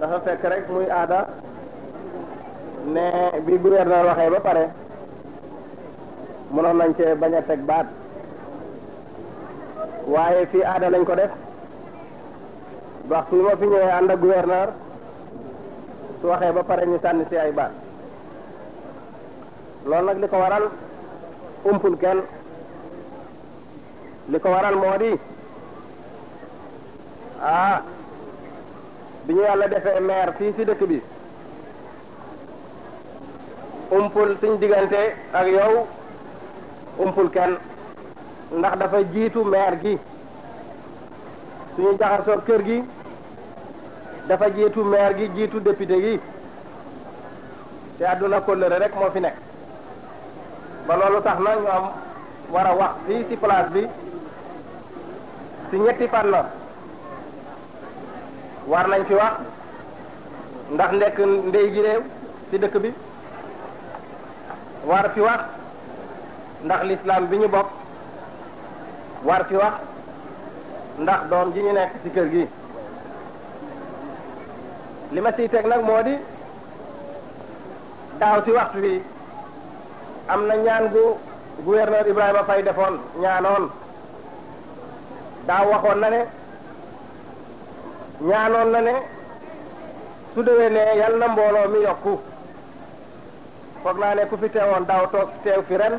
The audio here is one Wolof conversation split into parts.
dafa fekk rek muy aada ne bi gouverneur waxee ba pare mënoon nañ cee bañ a teg baat waaye fii aada lañ ko def baax wi ma fi ñëwee ànd ak gouverneur su waxee ba pare ñu sànni si ay baat loolu nag li ko waral umpul kenn li ko waral moo di ah. bi ñu yàlla defee maire fii ci dëkk bi umpul suñ diggante ak yow umpul kenn ndax dafa jiitu maire gi suñu jaxasoo kër gi dafa jiitu meer gi jiitu député gi te àdduna kóllëre rek moo fi nekk ba loolu tax na ñu am war wax fii ci place bi ci ñetti fànn war nañ fi wax ndax nekk ndey ji réew ci dëkk bi war fi wax ndax lislaam bi ñu bokk war fi wax ndax doom ji ñu nekk ci kër gi li ma teg nag moo di daaw ci waxtu bi am na ñaan gu gouverneur Ibrahima Faye defoon ñaanoon daaw waxoon na ne ñaanoon na ne su dewee ne yal na mbooloo mi yokku foog naa ne ku fi teewoon daaw toog teew fi ren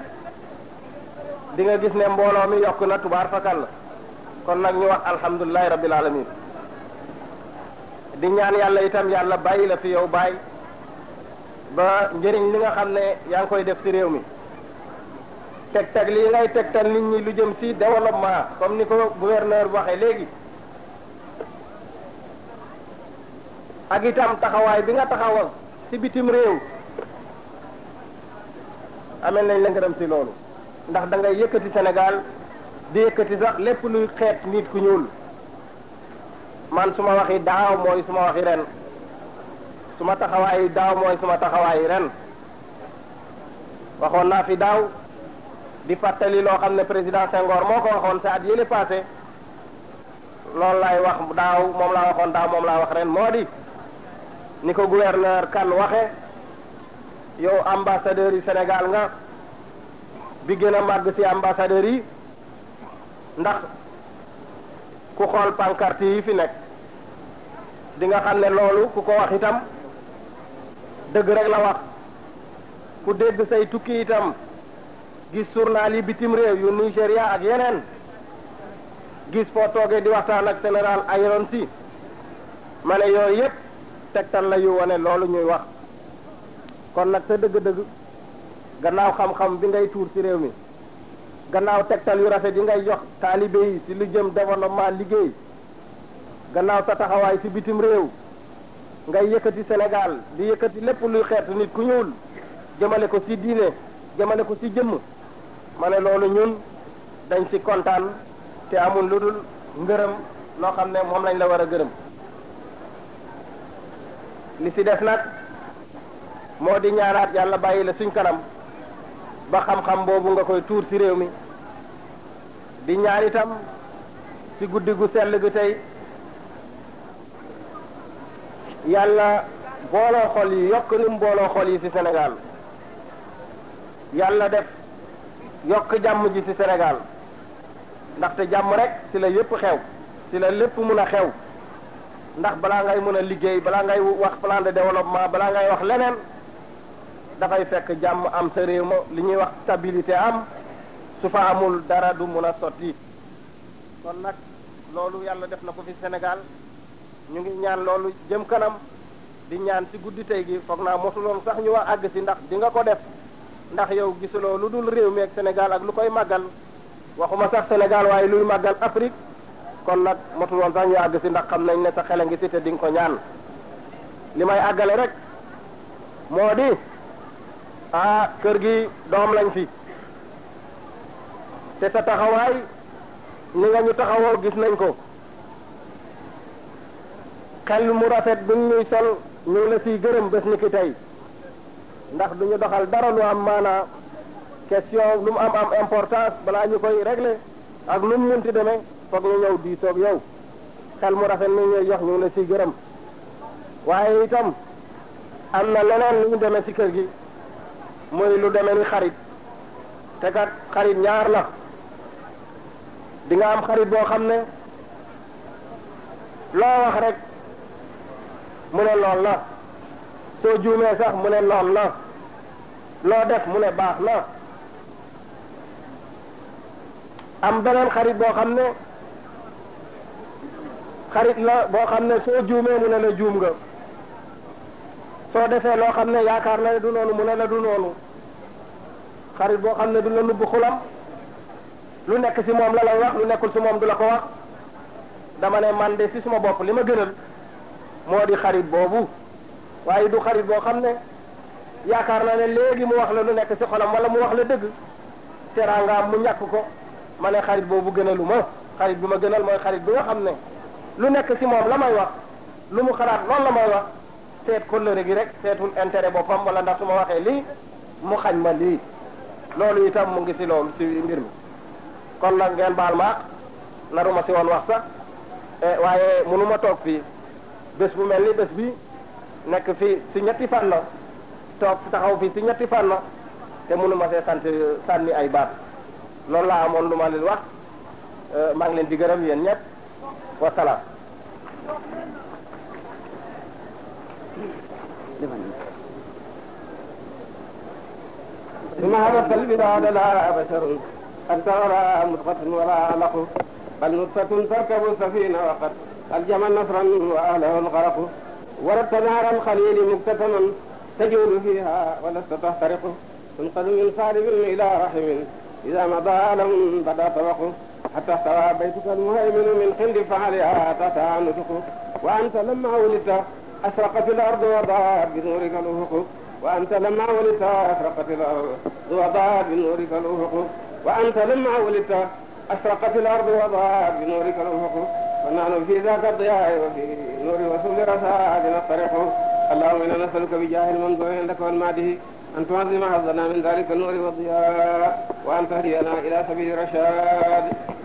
di nga gis ne mbooloo mi yokku na tubaar fakal kon nag ñu wax alhamdulilahi rabbil alamin di ñaan yàlla itam yàlla bàyyi la fi yow bàyyi ba njëriñ li nga xam ne yaa ngi koy def ci réew mi teg teg lii ngay tegtal nit ñi lu jëm ci développement comme ni ko gouverneur waxee léegi ak itam taxawaay bi nga taxawal ci bitim réew amel nañ la ngërëm ci loolu ndax dangay ngay yëkkati Sénégal di yëkkati sax lépp luy xeet nit ku ñuul man su ma waxi daaw mooy suma ma waxi ren su ma taxawaayi daaw mooy su ma taxawaayi ren waxoon naa fi daaw di fàttali loo xam ne président Senghor moo ko waxoon sa at yële passé loolu laay wax daaw moom laa waxoon daaw moom laa wax ren moo di ni ko gouverneur kan waxe yow ambassadeur yi Sénégal nga bi gën a màgg ci ambassadeur yi ndax ku xool pancarte yi fi nekk di nga xam ne loolu ku ko wax itam dëgg rek la wax ku dégg say tukki itam gis journal yi bitim réew yu Nigéria ak yeneen gis foo toogee di waxtaan ak général Ayron Sy ma ne yooyu yépp tegtal la yu wane loolu ñuy wax kon nag te dëgg-dëgg gannaaw xam-xam bi ngay tuur ci réew mi gannaaw tegtal yu rafet yi ngay jox taalibe yi ci lu jëm développement liggéey gannaaw sa taxawaay ci bitim réew ngay yëkkati senegal di yëkkati lépp luy xeetu nit ku ñuul jëmale ko ci diine jëmale ko ci jëm ma ne loolu ñun dañ ci kontaan te amul lu dul ngërëm loo xam ne moom lañ la war a gërëm li ci des nag moo di ñaaraat yàlla bàyyi la suñ kanam ba xam-xam boobu nga koy tuur ci réew mi di ñaan itam ci guddi gu sell gi tey yàlla booloo xol yi yokk ni mu xol yi ci Sénégal yàlla def yokk jàmm ji ci senegal ndaxte jàmm rek ci la yépp xew ci la lépp mun a xew ndax balaa ngay mën a liggéey balaa ngay wax plan de développement balaa ngay wax leneen dafay fekk jàmm am sa réew ma li ñuy wax stabilité am su fa amul dara du mun a sotti kon nag loolu yàlla def na ko fi Sénégal ñu ngi ñaan loolu jëm kanam di ñaan si guddi tey gi foog naa mosuloon sax ñu wax àgg si ndax di nga ko def ndax yow gisuloo lu dul réew mi ak Sénégal ak lu koy màggal waxuma sax Sénégal waaye luy màggal Afrique kon nag motul woon sax ñu àgg si ndax xam nañ ne sa xel a te di nga ko ñaan li may àggale rek moo di a ah, kër gi doom lañ fi te sa taxawaay ñu nga ñu taxawoo gis nañ ko xel mu rafet bu ñuy sol ñu la gërëm bés ni ki tey ndax du ñu doxal dara lu am maanaa question lu mu am am importance balaa ñu koy régler ak lu mu munti demee foog ñu ñëw diitoog yow xel mu rafet mi ñu jox ñu ngi la gërëm waaye itam am na leneen lu ñu demee ci kër gi muy lu demee ni xarit te kat xarit ñaar la di am xarit boo xam ne loo wax rek mu ne lool la soo juumee sax mu ne lool la loo def mu ne baax na am beneen xarit boo xam ne xarit la boo xam ne soo juumee mu ne la juum nga soo defee loo xam ne yaakaar na du noonu mu ne la du noonu xarit boo xam ne du la nubb xulam lu nekk ci moom la lay wax lu nekkul si moom du la ko wax dama ne man de ci suma bopp li ma gënal moo di xarit boobu waaye du xarit boo xam ne yaakaar na ne léegi mu wax la lu nekk ci xolam wala mu wax la dëgg teraangaam mu ñàkk ko ma ne xarit boobu gënalu ma xarit bi ma gënal mooy xarit bi nga xam lu nekk ci moom la may wax lu mu xalaat lool la may wax seet kóllëre gi rek seetul intérêt boppam wala ndax su ma waxee lii mu xañ ma lii loolu itam mu ngi ci loolu ci mbir mi kon nag ngeen baal ma naruma ci woon wax sax e, waaye mënuma toog fii bés bu mel ni bés bi nekk fii ci ñetti fànn toog taxaw fii ci ñetti fànn te mënuma see sant sànni ay baat loolu laa amoon lu ma leen wax e, maa ngi leen di gërëm yéen ñëpp wa salaam ثم هبت البلاد لا بشر أنت ولا مدقة ولا علق بل نطفة تركب السفينة وقد ألجم نصرا وأهله الغرق وردت نار الخليل مكتتما تجول فيها ولست تحترق تنقل من صارم إلى رحم إذا مضى لهم بدا طبق حتى استوى بيتك المهيمن من خلد فعليها تتانسك وأنت لما ولدت أشرقت الأرض وضاءت بنورك الأفق وأنت لما ولدت أشرقت الأرض وضاءت بنورك الأفق وأنت لما ولدت أشرقت الأرض وضاءت بنورك الأفق ونحن في ذاك الضياء وفي نور وسبل رسائل نطرح اللهم إنا نسألك بجاه المنظور عندك والمعده أن تعظم حظنا من ذلك النور والضياء وأن تهدينا إلى سبيل رشاد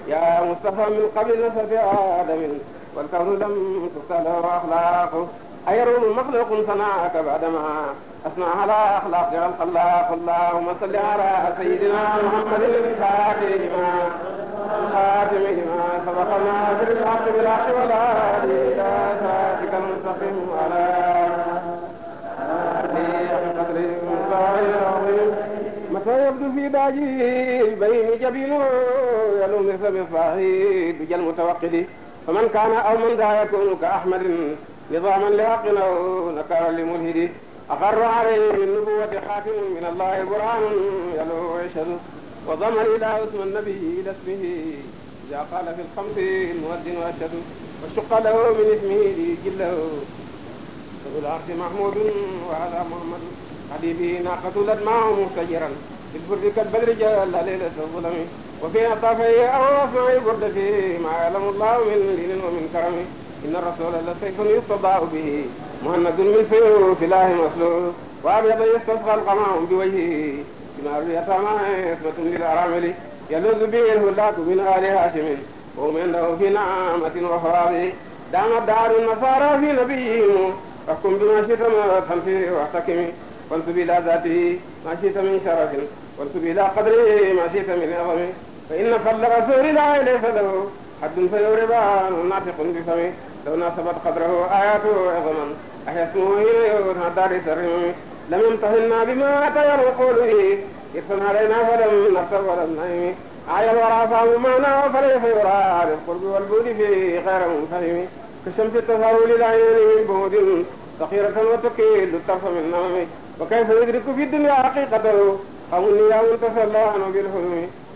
يا مصطفى من قبل نسف آدم والكون لم تفتح أخلاقه أيروم مخلوق صنعك بعدما أسمع على أخلاق الخلاق اللهم صل على سيدنا محمد الفاتح لما خاتم لما سبقنا بالحق بالحق ولا إلى ذاتك المستقيم على الله العظيم متى يبدو في باجي بين جبين يلو مثل بالفاهي بجل متوقد فمن كان أو من ذا يكون كأحمد نظاما لحق أو نكرا لملهد أقر عليه بالنبوة خاتم من الله برهان يلو يشهد وضم إلى اسم النبي إلى اسمه إذا قال في الخمس المؤذن وأشهد وشق له من اسمه ليجله وبالعرش محمود وعلى محمد حبيبه ناقة الأدماء مهتجرا بالبرد كالبدر جل ليلة الظلم وفي أطافه أو أصنع البرد فيه ما يعلم الله من لين ومن كرم إن الرسول لسيف يستضاء به مهند من في الله مسلول وأبيض يستسقى القمع بوجهه بما اليتامى عصمة للأرامل يلوذ به الهلاك من آل هاشم وهم عنده في نعمة وفراغ دامت دار النصارى في نبيهم فاحكم بما شئت من الخلف واحتكم وانسب الى ذاته ما شئت من شرف وانسب الى قدره ما شئت من عظم فان فضل رسول الله ليس له حد فيوربا ناطق بفمه لو ناسبت قدره اياته عظما احسمه الى دار الرمم لم يمتهنا بما اتى قوله إرسل علينا فلم نرتب ولم نعم عاي الورى فهم معنا فليس يرى بالقرب والبود في غير منفهم كشمس تظهر للعينين بعد صخيرة وتكيد الطرف من نومه وكيف يدرك في الدنيا حقيقته قوم يا من تسلى عنه بالحلم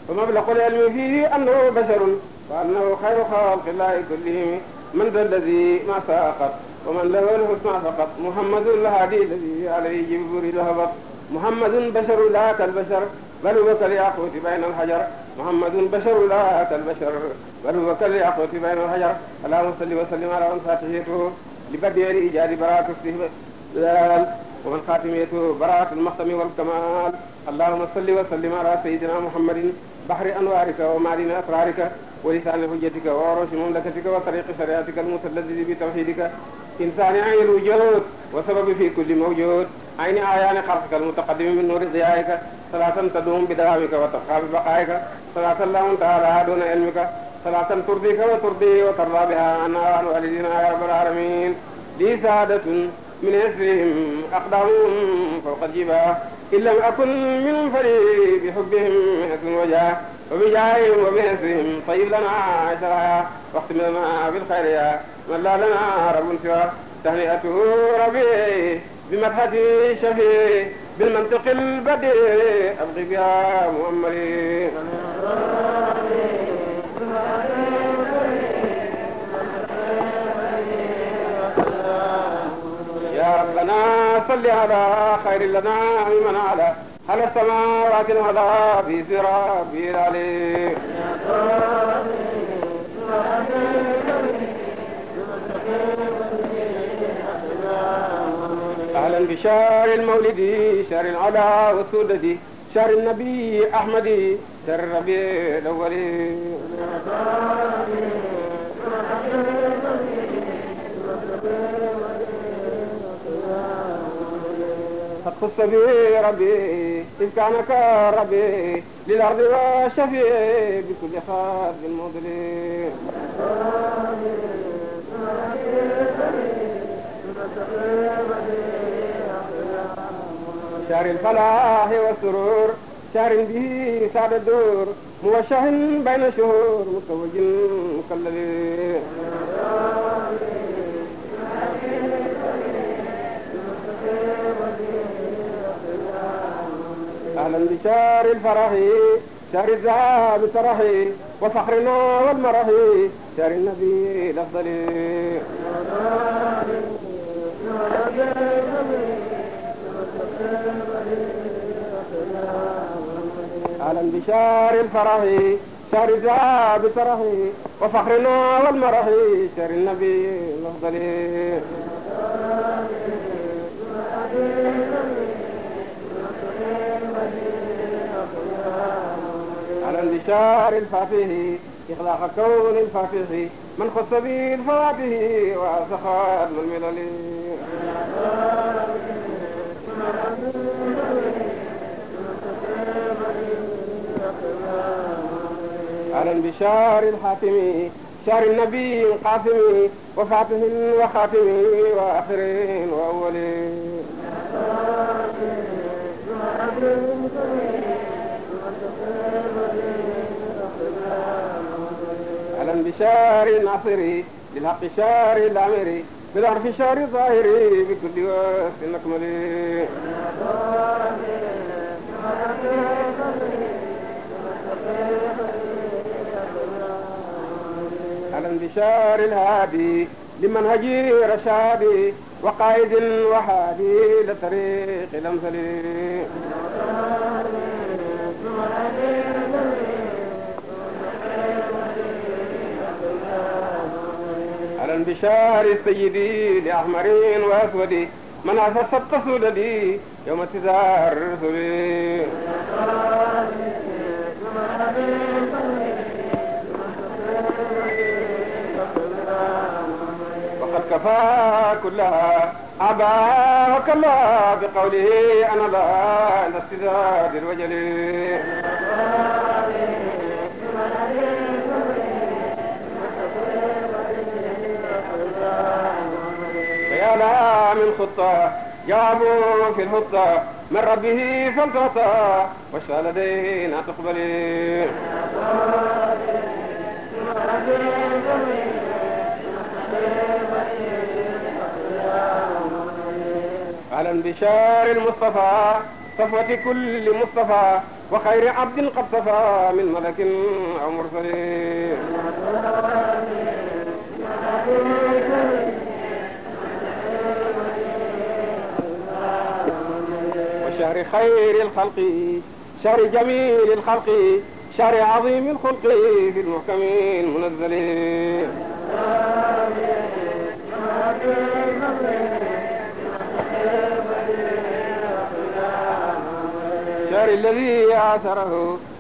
ومبلغ العلم فيه أنه بشر وأنه خير خلق الله كلهم من ذا الذي ما ساقط ومن له الحسنى فقط محمد الهادي الذي عليه جبريل هبط محمد بشر لا كالبشر بل هو كالياقوت بين الحجر محمد بشر لا كالبشر بل هو كالياقوت بين الحجر اللهم صل وسلم على من فاتحته لبدير ايجاد براءة السهل ومن خاتميته براءة المختم والكمال اللهم صل وسلم على سيدنا محمد بحر انوارك ومعدن اسرارك ولسان حجتك وعروش مملكتك وطريق شريعتك المتلذذ بتوحيدك إنسان عين الوجود وسبب في كل موجود عين أعيان خلقك المتقدم من نور ضيائك ثلاثا تدوم بدوامك وتبقى ببقائك ثلاثا لا منتهى لها دون علمك ثلاثا ترضيك وترضيه وترضى بها أن أهل والدنا يا رب العالمين لي سعادة من يسرهم أقدامهم فوق الجباه إن لم أكن من فريق بحبهم حسن وجاه وبجاههم وبنسرهم طيب لنا عشرا واختم لنا بالخير يا من لا لنا رب سوى تهنئته ربي بمدحة شفي بالمنطق البديع أبغي بها مؤملي يا ربنا صل على خير لنا ممن على على السماوات العلا في سراب العليم أهلا بشار المولد شار العلا والسودة شار النبي أحمد شار الربيع الأول Thank you. قص به ربي إذ كان كربي للأرض والشفيع بكل خاب مضلل شهر الفلاح والسرور شهر به سعد الدور موشح بين شهور متوج مكلل شار الفرح شار الذهاب سرح وفخرنا والمرح شار النبي الأفضل أهلا بشار الفرح شار الذهاب سرح وفخرنا والمرح شار النبي الأفضل بشار الفاتح إخلاق كون الفاتح من خص به الفواتح وأسخى أهل الملل أهلا بشار الحاتم شار النبي القاسم وفاتح وخاتم وآخر وأول Thank you. مثلا بشار ناصري للحق شار الامري بالعرف شار الظاهري بكل وقت اكملي على بشار الهادي لمنهجي رشادي وقائد وحادي لطريق الامثل بشار سيدي لأحمر وأسود من أسست سوددي يوم تزار رسلي وقد كفى كلها أبا وكلا بقوله أنا لا أنت استزاد الوجل فيا من خطة جابوا في الهطة من ربه فالتوطى واشفى لدينا تقبلين اهلا بشار المصطفى صفوة كل مصطفى وخير عبد قد صفى من ملك او مرسل وشهر خير الخلق شهر جميل الخلق شهر عظيم الخلق في المحكم المنزل شهر الذي أثره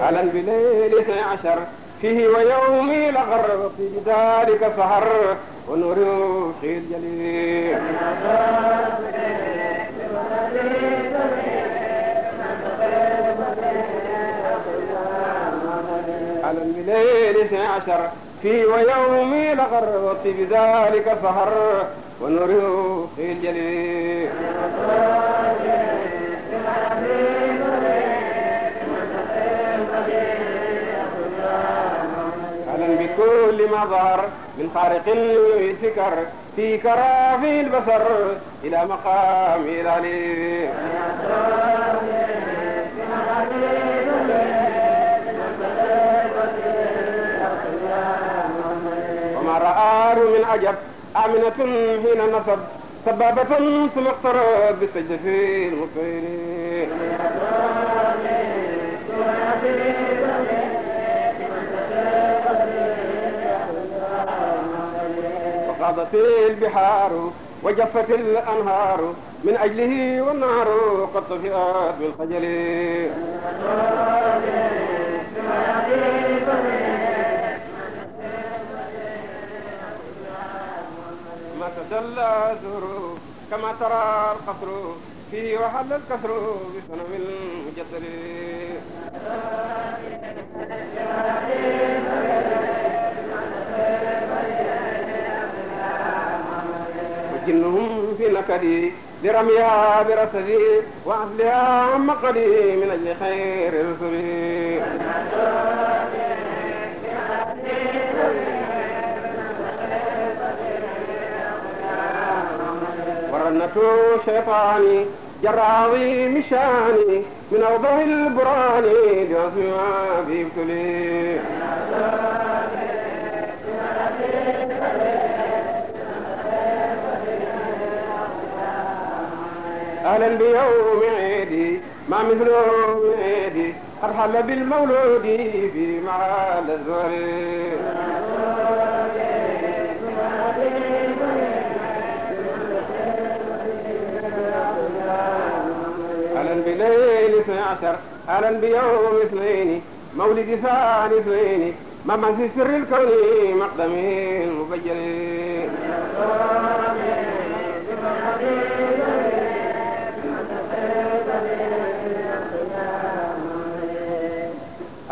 على البليل اثني عشر فيه ويومي لغر في بذلك سهر ونور في الجليل على البليل اثني عشر فيه ويومي لغر في بذلك سهر ونور في الجليل كل مظهر من خارق الفكر في كرافي البصر إلى مقام العلي وما رآه من عجب آمنة حين نصب سبابة ثم اقترب بالسجد في المطير فاضت البحار وجفت الأنهار من أجله والنار قد طفئت بالخجل ما تدلى زهر كما ترى القصر فيه وحل الكسر بصنم المجدل جنهم في نكدي لرميها برسدي وعزلها عن مقدي من أجل خير رسلي ورنة شيطاني جراوي مشاني من أوضح البراني لعصمها في ابتلي أهلا بيوم عيدي ما مثله من عيدي قد حل بالمولود في معال الزهر أهلا بليل اثني عشر أهلا بيوم اثنين مولد ثاني اثنين ممن في سر الكون مقدمه المفجر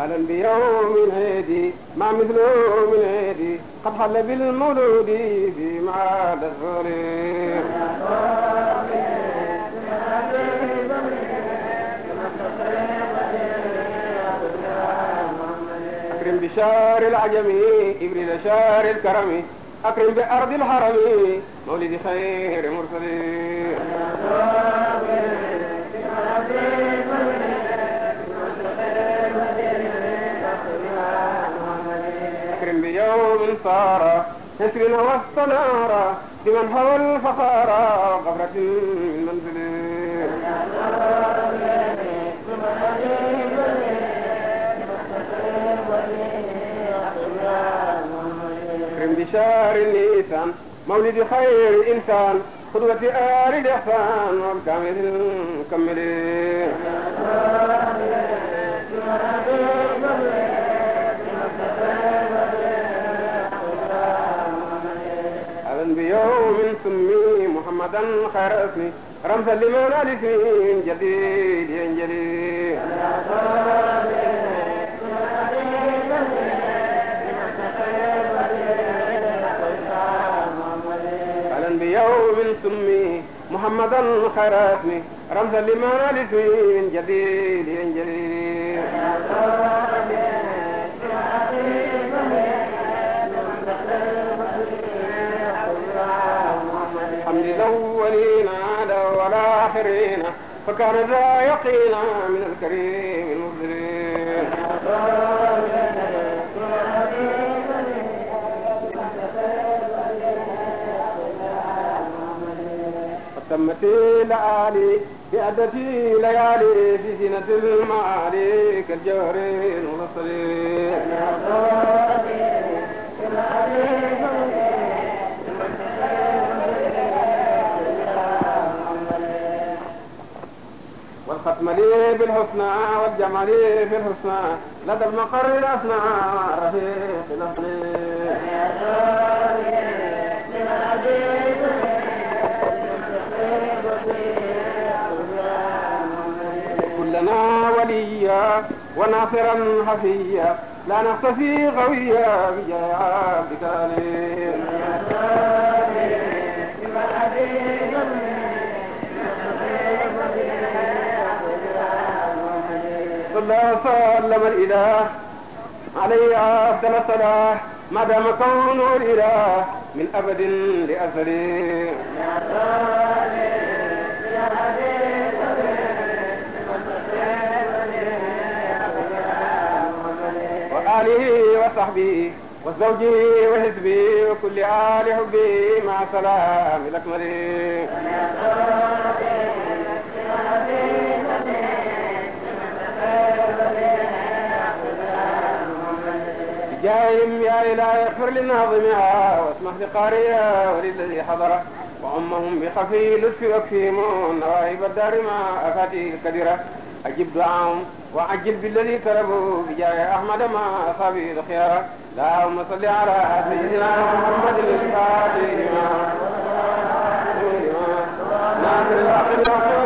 أهلا بيوم العيد ما مثله من عيد قد حل بالمولود في معاد الظليل أكرم بشار العجم إبريل شار الكرم أكرم بأرض الحرم مولد خير مرسلين صار نسر واستنارا لمن هوى الفخارا وقبرة المنزل كرم بشار اللسان مولد خير إنسان قدوة آل الإحسان وبكامل المكملين يوم سمي محمدا خير اسمي رمزا لمن الاسم من جديد ينجلي فلن بيوم سمي محمدا خير اسمي رمزا لمن الاسم من جديد ينجلي للأولين عادا والآخرين فكان ذا يقينا من الكريم المبذرين تم في لآلي بأدتي ليالي في زينة المعالي كالجوهر المرسل الختم لي بالحسنى والجمال بالحسنى لدى المقر الأسنى رفيق الأصل لنا وليا وناصرا حفيا لا نختفي غويا بجاه بكالي الله سلم الإله عليه أفضل الصلاة ما دام كونه الإله من أبد لأزل وآله وصحبه وزوجي وحزبي وكل آل حبي مع سلام الأكمل جاههم يا إله اغفر لناظمها واسمح لقارئها وللذي حضره وأمهم بخفي لطف أكفيهم نواهب الدار ما أفاته الكبيرة أجب دعاهم وعجل بالذي كربوا بجاه أحمد ما أصابه الخيار اللهم صل على سيدنا محمد الفاتح ناصر الأخير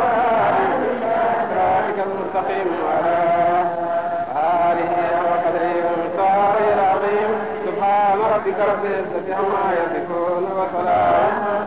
بك رب العزة عما يصفون وسلام